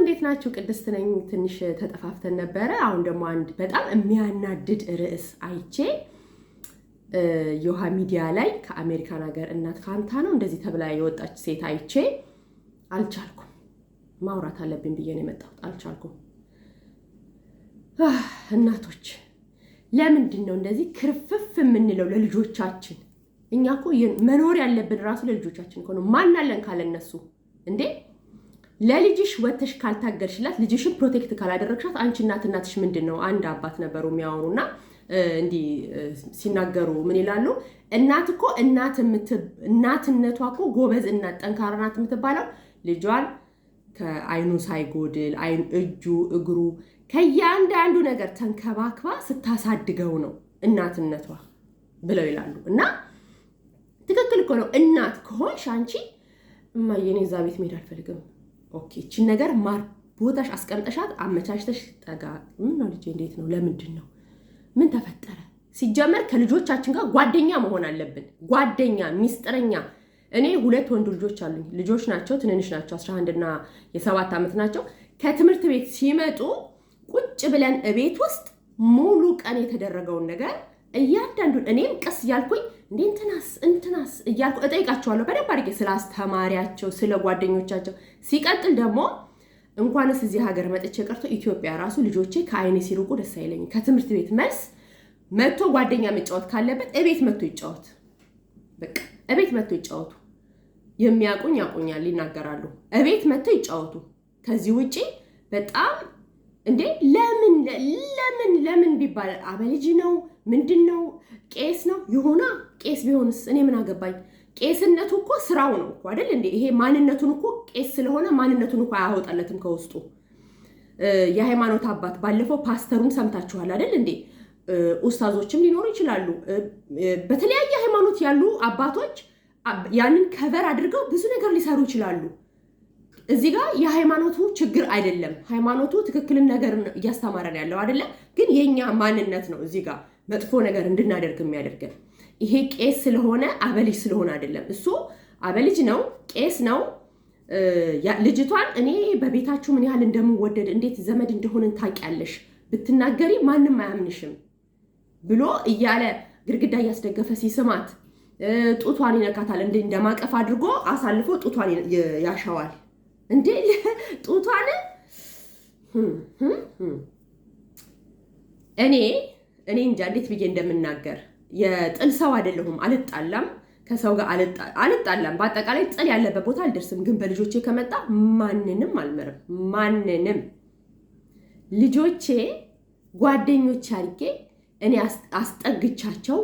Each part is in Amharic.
እንዴት ናችሁ? ቅድስት ነኝ። ትንሽ ተጠፋፍተን ነበረ። አሁን ደግሞ አንድ በጣም የሚያናድድ ርዕስ አይቼ የውሃ ሚዲያ ላይ ከአሜሪካን ሀገር እናት ካንታ ነው እንደዚህ ተብላ የወጣች ሴት አይቼ አልቻልኩም፣ ማውራት አለብኝ ብዬ ነው የመጣሁት። አልቻልኩም። እናቶች ለምንድን ነው እንደዚህ ክርፍፍ የምንለው ለልጆቻችን? እኛ እኮ መኖር ያለብን ራሱ ለልጆቻችን እኮ ነው። ማናለን ካለ እነሱ እንዴ ለልጅሽ ወተሽ ካልታገልሽላት ልጅሽን ፕሮቴክት ካላደረግሻት አንቺ እናት እናትሽ ምንድን ነው? አንድ አባት ነበሩ የሚያወሩና እንዲህ ሲናገሩ ምን ይላሉ? እናት እኮ እናትነቷ እኮ ጎበዝ እናት ጠንካራ ናት የምትባለው ልጇን ከአይኑ ሳይጎድል አይኑ፣ እጁ፣ እግሩ ከእያንዳንዱ ነገር ተንከባክባ ስታሳድገው ነው እናትነቷ ብለው ይላሉ። እና ትክክል እኮ ነው። እናት ከሆንሽ አንቺ እማዬ እኔ እዛ ቤት መሄድ አልፈልግም ኦኬ እቺን ነገር ማር ቦታሽ አስቀምጠሻት አመቻችተሽ ጠጋ ነው። ልጄ እንዴት ነው? ለምንድን ነው? ምን ተፈጠረ? ሲጀመር ከልጆቻችን ጋር ጓደኛ መሆን አለብን። ጓደኛ፣ ሚስጥረኛ። እኔ ሁለት ወንድ ልጆች አሉኝ። ልጆች ናቸው፣ ትንንሽ ናቸው። 11 እና የሰባት ዓመት ናቸው። ከትምህርት ቤት ሲመጡ ቁጭ ብለን እቤት ውስጥ ሙሉ ቀን የተደረገውን ነገር እያንዳንዱን እኔም ቀስ እያልኩኝ እንዴ እንትናስ እንትናስ እያልኩ እጠይቃቸዋለሁ በደንብ አድርጌ ስለ አስተማሪያቸው፣ ስለ ጓደኞቻቸው። ሲቀጥል ደግሞ እንኳንስ እዚህ ሀገር መጥቼ ቀርቶ ኢትዮጵያ ራሱ ልጆቼ ከአይኔ ሲርቁ ደስ አይለኝም። ከትምህርት ቤት መልስ መጥቶ ጓደኛ መጫወት ካለበት እቤት መጥቶ ይጫወት፣ በቃ እቤት መጥቶ ይጫወቱ። የሚያቁኝ ያቁኛል ይናገራሉ። እቤት መጥቶ ይጫወቱ። ከዚህ ውጪ በጣም እንዴ ለምን ለምን ለምን ቢባል አበልጅ ነው ምንድን ነው ቄስ ነው ይሁና። ቄስ ቢሆንስ እኔ ምን አገባኝ? ቄስነቱ እኮ ስራው ነው እኮ አይደል እንዴ? ይሄ ማንነቱን እኮ ቄስ ስለሆነ ማንነቱን እኮ አያወጣለትም ከውስጡ። የሃይማኖት አባት ባለፈው ፓስተሩን ሰምታችኋል አይደል እንዴ? ኡስታዞችም ሊኖሩ ይችላሉ። በተለያየ ሃይማኖት ያሉ አባቶች ያንን ከቨር አድርገው ብዙ ነገር ሊሰሩ ይችላሉ። እዚህ ጋር የሃይማኖቱ ችግር አይደለም። ሃይማኖቱ ትክክልን ነገር እያስተማረን ያለው አይደለም፣ ግን የእኛ ማንነት ነው እዚህ ጋር መጥፎ ነገር እንድናደርግ የሚያደርገን ይሄ ቄስ ስለሆነ አበልጅ ስለሆነ አይደለም። እሱ አበልጅ ነው፣ ቄስ ነው። ልጅቷን እኔ በቤታችሁ ምን ያህል እንደምወደድ እንዴት ዘመድ እንደሆንን ታውቂያለሽ፣ ብትናገሪ ማንም አያምንሽም ብሎ እያለ ግድግዳ እያስደገፈ ሲስማት ጡቷን ይነካታል። እንዴ እንደማቀፍ አድርጎ አሳልፎ ጡቷን ያሸዋል። እንዴ ጡቷን እኔ እኔ እንጃ እንዴት ብዬ እንደምናገር የጥል ሰው አይደለሁም። አልጣላም፣ ከሰው ጋር አልጣላም። በአጠቃላይ ጥል ያለበት ቦታ አልደርስም። ግን በልጆቼ ከመጣ ማንንም አልምርም። ማንንም ልጆቼ ጓደኞች አድርጌ እኔ አስጠግቻቸው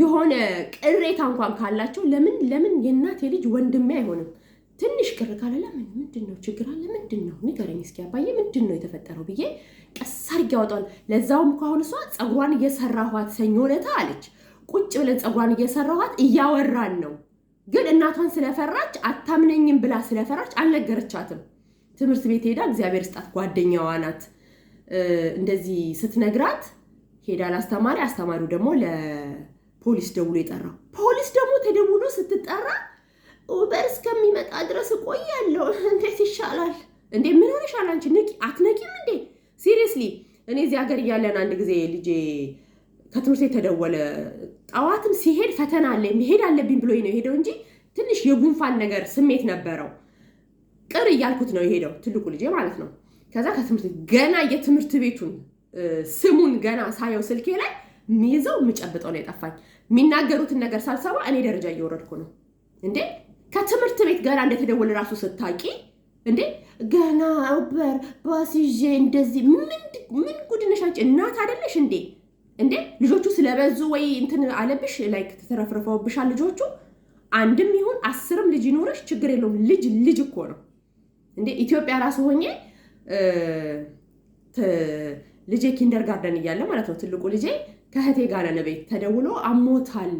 የሆነ ቅሬታ እንኳን ካላቸው ለምን ለምን የእናቴ ልጅ ወንድሜ አይሆንም ትንሽ ቅር ካለ ለምን ምንድን ነው ችግር አለ ምንድን ነው ንገረኝ እስኪ አባዬ ምንድን ነው የተፈጠረው ብዬ ቀስ አድርጌ ያወጣዋል። ለዛውም ከአሁን እሷ ፀጉሯን እየሰራኋት ሰኞ ዕለት አለች። ቁጭ ብለን ፀጉሯን እየሰራኋት እያወራን ነው። ግን እናቷን ስለፈራች አታምነኝም ብላ ስለፈራች አልነገረቻትም። ትምህርት ቤት ሄዳ እግዚአብሔር ስጣት ጓደኛዋ ናት እንደዚህ ስትነግራት ሄዳ ለአስተማሪ አስተማሪው ደግሞ ለፖሊስ ደውሎ የጠራው ፖሊስ ደግሞ ተደውሎ ስትጠራ ኡበር እስከሚመጣ ድረስ እቆያለሁ። እንዴት ይሻላል እንዴ? ምን ሆነሻል አንቺ? ንቂ አትነቂም እንዴ? ሲሪየስሊ እኔ እዚህ ሀገር እያለን አንድ ጊዜ ልጄ ከትምህርት የተደወለ ጠዋትም ሲሄድ ፈተና አለ መሄድ አለብኝ ብሎ ነው የሄደው እንጂ ትንሽ የጉንፋን ነገር ስሜት ነበረው። ቅር እያልኩት ነው የሄደው ትልቁ ልጄ ማለት ነው። ከዛ ከትምህርት ገና የትምህርት ቤቱን ስሙን ገና ሳየው ስልኬ ላይ ሚይዘው የምጨብጠው ነው የጠፋኝ። የሚናገሩትን ነገር ሳልሰማ እኔ ደረጃ እየወረድኩ ነው እንዴ ከትምህርት ቤት ገና እንደተደወለ ራሱ ስታቂ እንዴ ገና በር ባሲዤ እንደዚህ ምን ጉድነሽ አንቺ እናት አደለሽ እንዴ? እንዴ ልጆቹ ስለበዙ ወይ እንትን አለብሽ ላይክ ተተረፍርፈውብሻል ልጆቹ። አንድም ይሁን አስርም ልጅ ይኖረሽ ችግር የለውም። ልጅ ልጅ እኮ ነው እንዴ። ኢትዮጵያ ራሱ ሆኜ ልጄ ኪንደር ጋርደን እያለ ማለት ነው ትልቁ ልጄ ከህቴ ጋር ነን ቤት ተደውሎ አሞታል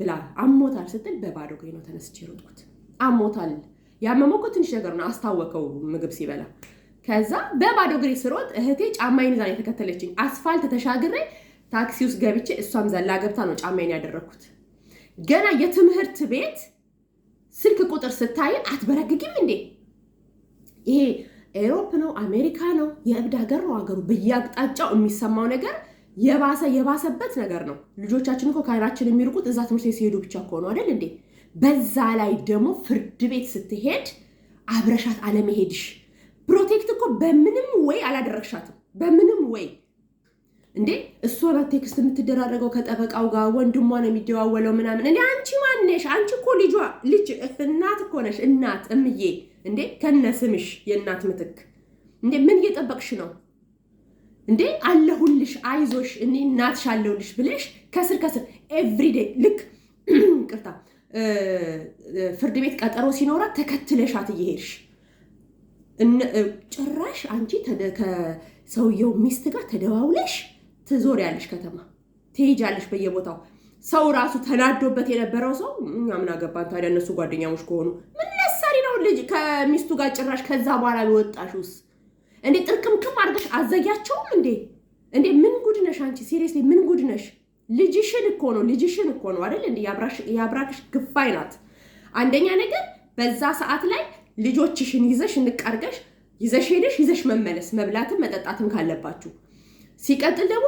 ብላ አሞታል ስትል በባዶ ነው ተነስቼ ሮጥኩት አሞታል። ያመመው እኮ ትንሽ ነገር ነው አስታወቀው ምግብ ሲበላ። ከዛ በባዶ እግሬ ስሮጥ እህቴ ጫማዬን ይዛ የተከተለችኝ። አስፋልት ተሻግሬ ታክሲ ውስጥ ገብቼ እሷም ዘላ ገብታ ነው ጫማዬን ያደረግኩት። ገና የትምህርት ቤት ስልክ ቁጥር ስታይን አትበረግግም እንዴ? ይሄ ኤሮፕ ነው አሜሪካ ነው የእብድ ሀገር ነው ሀገሩ። በየአቅጣጫው የሚሰማው ነገር የባሰ የባሰበት ነገር ነው። ልጆቻችን እኮ ከአይናችን የሚርቁት እዛ ትምህርት ሲሄዱ ብቻ ከሆኑ አይደል እንዴ? በዛ ላይ ደግሞ ፍርድ ቤት ስትሄድ አብረሻት አለመሄድሽ ፕሮቴክት እኮ በምንም ወይ አላደረግሻትም። በምንም ወይ እንዴ እሷ ናት ቴክስት የምትደራረገው ከጠበቃው ጋር ወንድሟ ነው የሚደዋወለው ምናምን። እንዴ አንቺ ማነሽ? አንቺ እኮ ልጇ ልጅ እናት እኮ ነሽ። እናት እምዬ እንዴ ከነ ስምሽ የእናት ምትክ እንዴ ምን እየጠበቅሽ ነው እንዴ? አለሁልሽ፣ አይዞሽ፣ እኔ እናትሽ አለሁልሽ ብለሽ ከስር ከስር ኤቭሪዴ ልክ ቅርታ ፍርድ ቤት ቀጠሮ ሲኖራት ተከትለሻት እየሄድሽ ጭራሽ አንቺ ከሰውየው ሚስት ጋር ተደዋውለሽ ትዞሪያለሽ፣ ከተማ ትሄጃለሽ በየቦታው። ሰው ራሱ ተናዶበት የነበረው ሰው እኛ ምን አገባን ታዲያ እነሱ ጓደኛሞች ከሆኑ ምን ለሳሪ ነው ልጅ ከሚስቱ ጋር ጭራሽ። ከዛ በኋላ የወጣሽ ውስ እንዴ ጥርቅምክም አድርገሽ አዘጊያቸውም እንዴ! እንዴ ምን ጉድነሽ አንቺ! ሲሪየስሊ ምን ጉድነሽ? ነሽ? ልጅሽን እኮ ነው ልጅሽን እኮ ነው አይደል? እንደ የአብራክሽ ግፋይ ናት። አንደኛ ነገር በዛ ሰዓት ላይ ልጆችሽን ይዘሽ እንቀርገሽ ይዘሽ ሄደሽ ይዘሽ መመለስ መብላትም መጠጣትም ካለባችሁ። ሲቀጥል ደግሞ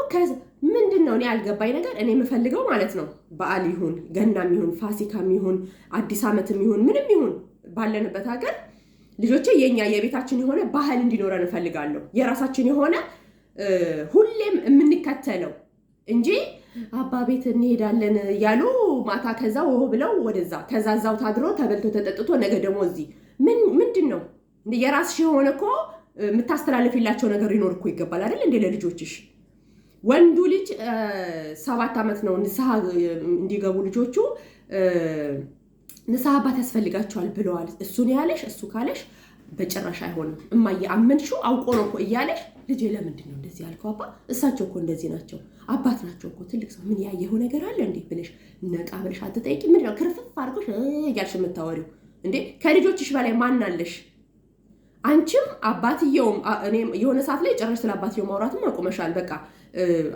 ምንድነው ነው እኔ ያልገባኝ ነገር እኔ የምፈልገው ማለት ነው በዓል ይሁን ገናም ይሁን ፋሲካም ይሁን አዲስ ዓመትም ይሁን ምንም ይሁን ባለንበት ሀገር ልጆቼ የኛ የቤታችን የሆነ ባህል እንዲኖረን እንፈልጋለሁ። የራሳችን የሆነ ሁሌም የምንከተለው እንጂ አባ ቤት እንሄዳለን እያሉ ማታ ከዛ ወሆ ብለው ወደዛ ከዛ ዛው ታድሮ ተበልቶ ተጠጥቶ ነገ ደግሞ እዚህ ምንድን ነው የራስሽ የሆነ እኮ የምታስተላልፊላቸው ነገር ይኖር እኮ ይገባል አይደል? እንዴ ለልጆችሽ ወንዱ ልጅ ሰባት ዓመት ነው ንስሐ እንዲገቡ ልጆቹ ንስሐ አባት ያስፈልጋቸዋል ብለዋል። እሱን ያለሽ። እሱ ካለሽ በጭራሽ አይሆንም እማዬ አመንሽው አውቆ ነው እኮ እያለሽ ልጄ ለምንድን ነው እንደዚህ ያልከው አባ እሳቸው እኮ እንደዚህ ናቸው አባት ናቸው እኮ ትልቅ ሰው ምን ያየው ነገር አለ እንዴ ብለሽ ነቃ ብለሽ አትጠይቂ ምንድን ነው ክርፍፍ አድርጎሽ እያልሽ የምታወሪው እንዴ ከልጆችሽ በላይ ማን አለሽ አንቺም አባትየውም እኔም የሆነ ሰዓት ላይ ጭራሽ ስለ አባትየው ማውራትም አቁመሻል። በቃ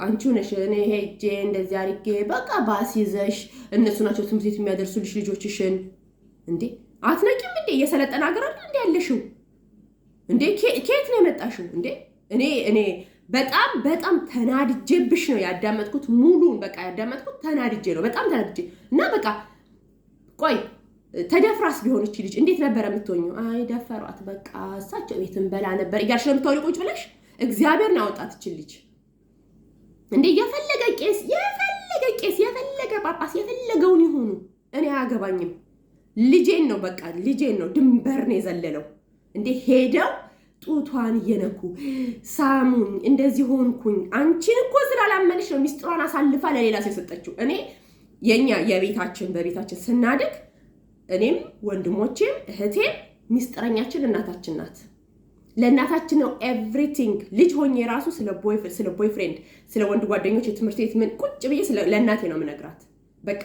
አንቺው ነሽ እኔ ሄጄ እንደዚህ አድርጌ በቃ ባስ ይዘሽ እነሱ ናቸው ትምህርት ቤት የሚያደርሱልሽ ልጆችሽን እንዴ አትነቂም እንዴ? የሰለጠነ ሀገር አለ እንዴ ያለሽው? እንዴ ከየት ነው የመጣሽው? እንዴ እኔ እኔ በጣም በጣም ተናድጄብሽ ነው ያዳመጥኩት። ሙሉን በቃ ያዳመጥኩት ተናድጄ ነው፣ በጣም ተናድጄ እና በቃ ቆይ ተደፍራስ ቢሆን እቺ ልጅ እንዴት ነበረ የምትሆኘው? አይ ደፈሯት፣ በቃ እሳቸው ቤትን በላ ነበር እያልሽ ነው የምታወሪ። ቁጭ ብለሽ እግዚአብሔር ነው ያወጣት እቺ ልጅ እንዴ። የፈለገ ቄስ፣ የፈለገ ቄስ፣ የፈለገ ጳጳስ የፈለገውን ይሆኑ እኔ አያገባኝም። ልጄን ነው በቃ ልጄን ነው ድንበር ነው የዘለለው እንዴ ሄደው ጡቷን እየነኩ ሳሙኝ፣ እንደዚህ ሆንኩኝ። አንቺን እኮ ስላላመንሽ ነው ሚስጥሯን አሳልፋ ለሌላ ሰው የሰጠችው። እኔ የኛ የቤታችን በቤታችን ስናድግ እኔም ወንድሞቼም እህቴም ሚስጥረኛችን እናታችን ናት። ለእናታችን ነው ኤቭሪቲንግ። ልጅ ሆኜ ራሱ ስለ ቦይፍሬንድ፣ ስለ ወንድ ጓደኞች፣ የትምህርት ቤት ምን ቁጭ ብዬ ለእናቴ ነው የምነግራት በቃ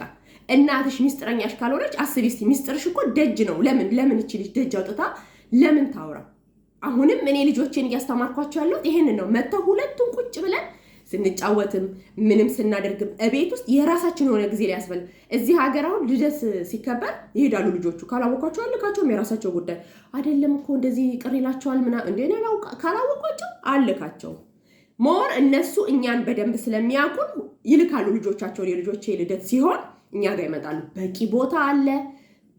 እናትሽ ሚስጥረኛሽ ካልሆነች አስቢ እስኪ። ሚስጥርሽ እኮ ደጅ ነው። ለምን ለምን እቺ ልጅ ደጅ አውጥታ ለምን ታውራ? አሁንም እኔ ልጆቼን እያስተማርኳቸው ያለሁት ይሄንን ነው። መተው ሁለቱም ቁጭ ብለን ስንጫወትም ምንም ስናደርግም እቤት ውስጥ የራሳችን የሆነ ጊዜ ላይ እዚህ ሀገር አሁን ልደት ሲከበር ይሄዳሉ ልጆቹ። ካላወቋቸው አልካቸውም፣ የራሳቸው ጉዳይ አይደለም እኮ እንደዚህ ቅር ይላቸዋል ምናምን። እንደ ካላወቋቸው አልካቸው ሞር እነሱ እኛን በደንብ ስለሚያውቁን ይልካሉ ልጆቻቸውን። የልጆቼ ልደት ሲሆን እኛ ጋር ይመጣሉ። በቂ ቦታ አለ።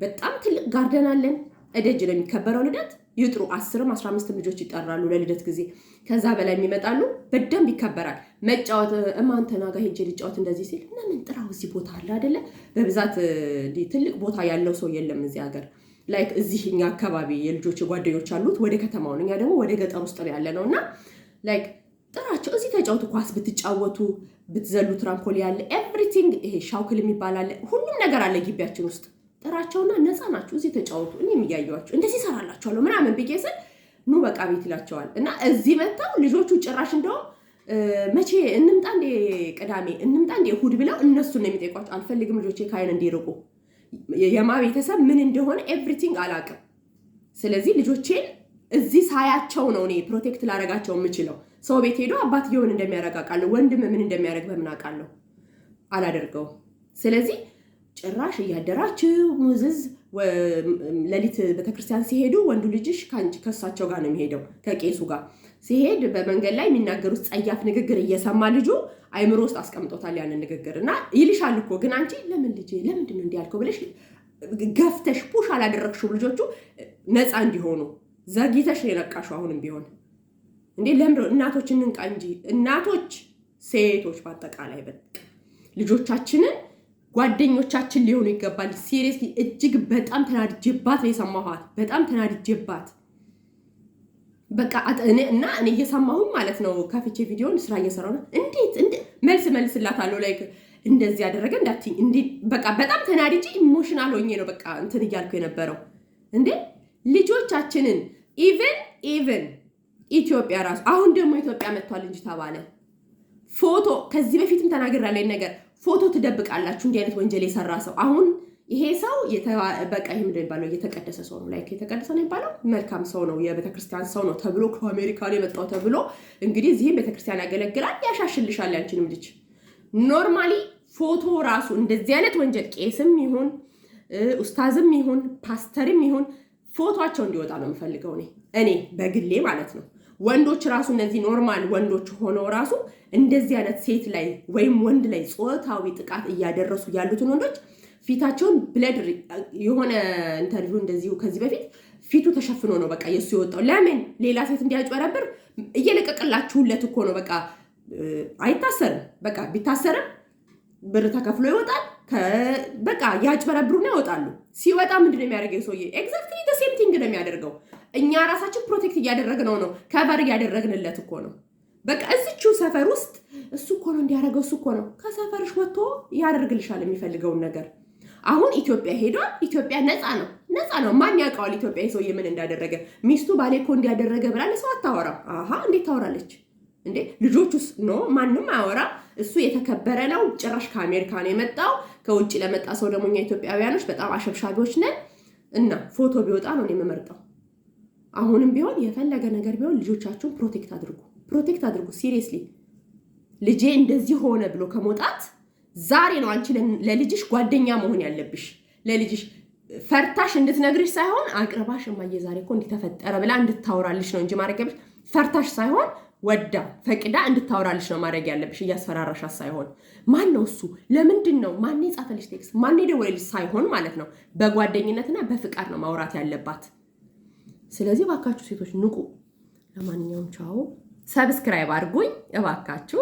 በጣም ትልቅ ጋርደን አለን። እደጅ ነው የሚከበረው ልደት። ይጥሩ አስርም አስራ አምስትም ልጆች ይጠራሉ ለልደት ጊዜ። ከዛ በላይ የሚመጣሉ በደንብ ይከበራል። መጫወት እማንተና ጋር ሄጄ ልጫወት እንደዚህ ሲል እና ምን ጥራው እዚህ ቦታ አለ አይደለ? በብዛት ትልቅ ቦታ ያለው ሰው የለም እዚህ ሀገር ላይክ እዚህ እኛ አካባቢ የልጆች ጓደኞች አሉት ወደ ከተማው እኛ ደግሞ ወደ ገጠር ውስጥ ያለ ነው እና ላይክ ጥራቸው እዚህ ተጫወቱ፣ ኳስ ብትጫወቱ፣ ብትዘሉ፣ ትራምፖሊ ያለ ኤቭሪቲንግ ይሄ ሻውክል የሚባል አለ፣ ሁሉም ነገር አለ ግቢያችን ውስጥ። ጥራቸውና ነፃ ናችሁ፣ እዚህ ተጫወቱ፣ እኔ እያየኋቸው እንደዚህ እሰራላችኋለሁ ምናምን ብዬ ስል ኑ በቃ ቤት ይላቸዋል። እና እዚህ መጥተው ልጆቹ ጭራሽ እንደውም መቼ እንምጣ እንዴ ቅዳሜ እንምጣ እንዴ እሑድ ብለው እነሱን ነው የሚጠይቋቸው። አልፈልግም ልጆቼ ከአይን እንዲርቁ የማ ቤተሰብ ምን እንደሆነ ኤቭሪቲንግ አላውቅም። ስለዚህ ልጆቼን እዚህ ሳያቸው ነው እኔ ፕሮቴክት ላደርጋቸው የምችለው። ሰው ቤት ሄዶ አባትየውን እንደሚያረግ አውቃለሁ። ወንድም ምን እንደሚያደርግ በምን አውቃለሁ። አላደርገው። ስለዚህ ጭራሽ እያደራችው ሙዝዝ ሌሊት ቤተክርስቲያን ሲሄዱ ወንዱ ልጅሽ ከአንቺ ከእሳቸው ጋር ነው የሚሄደው ከቄሱ ጋር ሲሄድ በመንገድ ላይ የሚናገሩት ጸያፍ ንግግር እየሰማ ልጁ አይምሮ ውስጥ አስቀምጦታል ያንን ንግግር እና ይልሻል እኮ ግን አንቺ ለምን ልጅ ለምንድን ነው እንዲህ ያልከው ብለሽ ገፍተሽ ፑሽ አላደረግሽው ልጆቹ ነፃ እንዲሆኑ ዘግይተሽ ነው የነቃሽው አሁንም ቢሆን እንዴ ለምድ እናቶች እንንቃ እንጂ እናቶች ሴቶች በአጠቃላይ በቃ ልጆቻችንን ጓደኞቻችን ሊሆኑ ይገባል። ሲሪየስ እጅግ በጣም ተናድጄባት ነው የሰማኋት። በጣም ተናድጄባት በቃ እኔ እና እኔ እየሰማሁም ማለት ነው ከፍቼ ቪዲዮን ስራ እየሰራሁ ነው። እንዴት መልስ መልስላታለሁ ላይ እንደዚህ ያደረገ እንዳትኝ እንዴ በቃ በጣም ተናድጄ ኢሞሽናል ሆኜ ነው በቃ እንትን እያልኩ የነበረው እንዴ ልጆቻችንን ኢቨን ኢቨን ኢትዮጵያ ራሱ አሁን ደግሞ ኢትዮጵያ መጥቷል እንጂ ተባለ ፎቶ ከዚህ በፊትም ተናግር ያለኝ ነገር ፎቶ ትደብቃላችሁ፣ እንዲህ አይነት ወንጀል የሰራ ሰው አሁን ይሄ ሰው በቃ ይህ ምንድን የሚባለው እየተቀደሰ ሰው ነው፣ ላይክ የተቀደሰ ነው ይባለው መልካም ሰው ነው፣ የቤተክርስቲያን ሰው ነው ተብሎ ነው የመጣው ተብሎ እንግዲህ እዚህም ቤተክርስቲያን ያገለግላል፣ ያሻሽልሻል ያንችንም ልጅ ኖርማሊ ፎቶ ራሱ እንደዚህ አይነት ወንጀል ቄስም ይሁን ኡስታዝም ይሁን ፓስተርም ይሁን ፎቶቸው እንዲወጣ ነው የምፈልገው እኔ እኔ በግሌ ማለት ነው። ወንዶች ራሱ እነዚህ ኖርማል ወንዶች ሆነው ራሱ እንደዚህ አይነት ሴት ላይ ወይም ወንድ ላይ ጾታዊ ጥቃት እያደረሱ ያሉትን ወንዶች ፊታቸውን ብለድ የሆነ ኢንተርቪው እንደዚሁ ከዚህ በፊት ፊቱ ተሸፍኖ ነው በቃ የእሱ የወጣው። ለምን ሌላ ሴት እንዲያጭበረብር እየለቀቅላችሁለት እኮ ነው። በቃ አይታሰርም። በቃ ቢታሰርም ብር ተከፍሎ ይወጣል። በቃ ያጭበረብሩና ይወጣሉ። ሲወጣ ምንድነው የሚያደርገው ሰውዬ? ኤግዛክትሊ ሴም ቲንግ ነው የሚያደርገው። እኛ ራሳችን ፕሮቴክት እያደረግነው ነው፣ ከበር እያደረግንለት እኮ ነው። በቃ እዚችው ሰፈር ውስጥ እሱ እኮ ነው እንዲያደረገው እሱ እኮ ነው ከሰፈርሽ ወጥቶ ያደርግልሻል የሚፈልገውን ነገር። አሁን ኢትዮጵያ ሄዷል። ኢትዮጵያ ነፃ ነው፣ ነፃ ነው። ማን ያውቀዋል? ኢትዮጵያ ሰው ምን እንዳደረገ። ሚስቱ ባሌ እኮ እንዲያደረገ ብላ ለሰው አታወራም። አሀ እንዴት ታወራለች እንዴ? ውስጥ ኖ ማንም አያወራ። እሱ የተከበረ ነው። ጭራሽ ከአሜሪካ ነው የመጣው። ከውጭ ለመጣ ሰው ደግሞ እኛ ኢትዮጵያውያኖች በጣም አሸብሻቢዎች ነን እና ፎቶ ቢወጣ ነው የምመርጠው። አሁንም ቢሆን የፈለገ ነገር ቢሆን ልጆቻችሁን ፕሮቴክት አድርጉ፣ ፕሮቴክት አድርጉ። ሲሪየስሊ ልጄ እንደዚህ ሆነ ብሎ ከመውጣት ዛሬ ነው አንቺ ለልጅሽ ጓደኛ መሆን ያለብሽ። ለልጅሽ ፈርታሽ እንድትነግርሽ ሳይሆን አቅርባሽ እማዬ ዛሬ እኮ እንዲተፈጠረ ብላ እንድታወራልሽ ነው እንጂ ማድረግ ያለብሽ ፈርታሽ ሳይሆን ወዳ ፈቅዳ እንድታወራልሽ ነው ማድረግ ያለብሽ፣ እያስፈራራሻት ሳይሆን። ማን ነው እሱ? ለምንድን ነው ማን የጻፈልሽ ቴክስት፣ ማን የደወለልሽ ሳይሆን ማለት ነው። በጓደኝነትና በፍቃድ ነው ማውራት ያለባት። ስለዚህ እባካችሁ ሴቶች ንቁ። ለማንኛውም ቻው፣ ሰብስክራይብ አድርጉኝ እባካችሁ።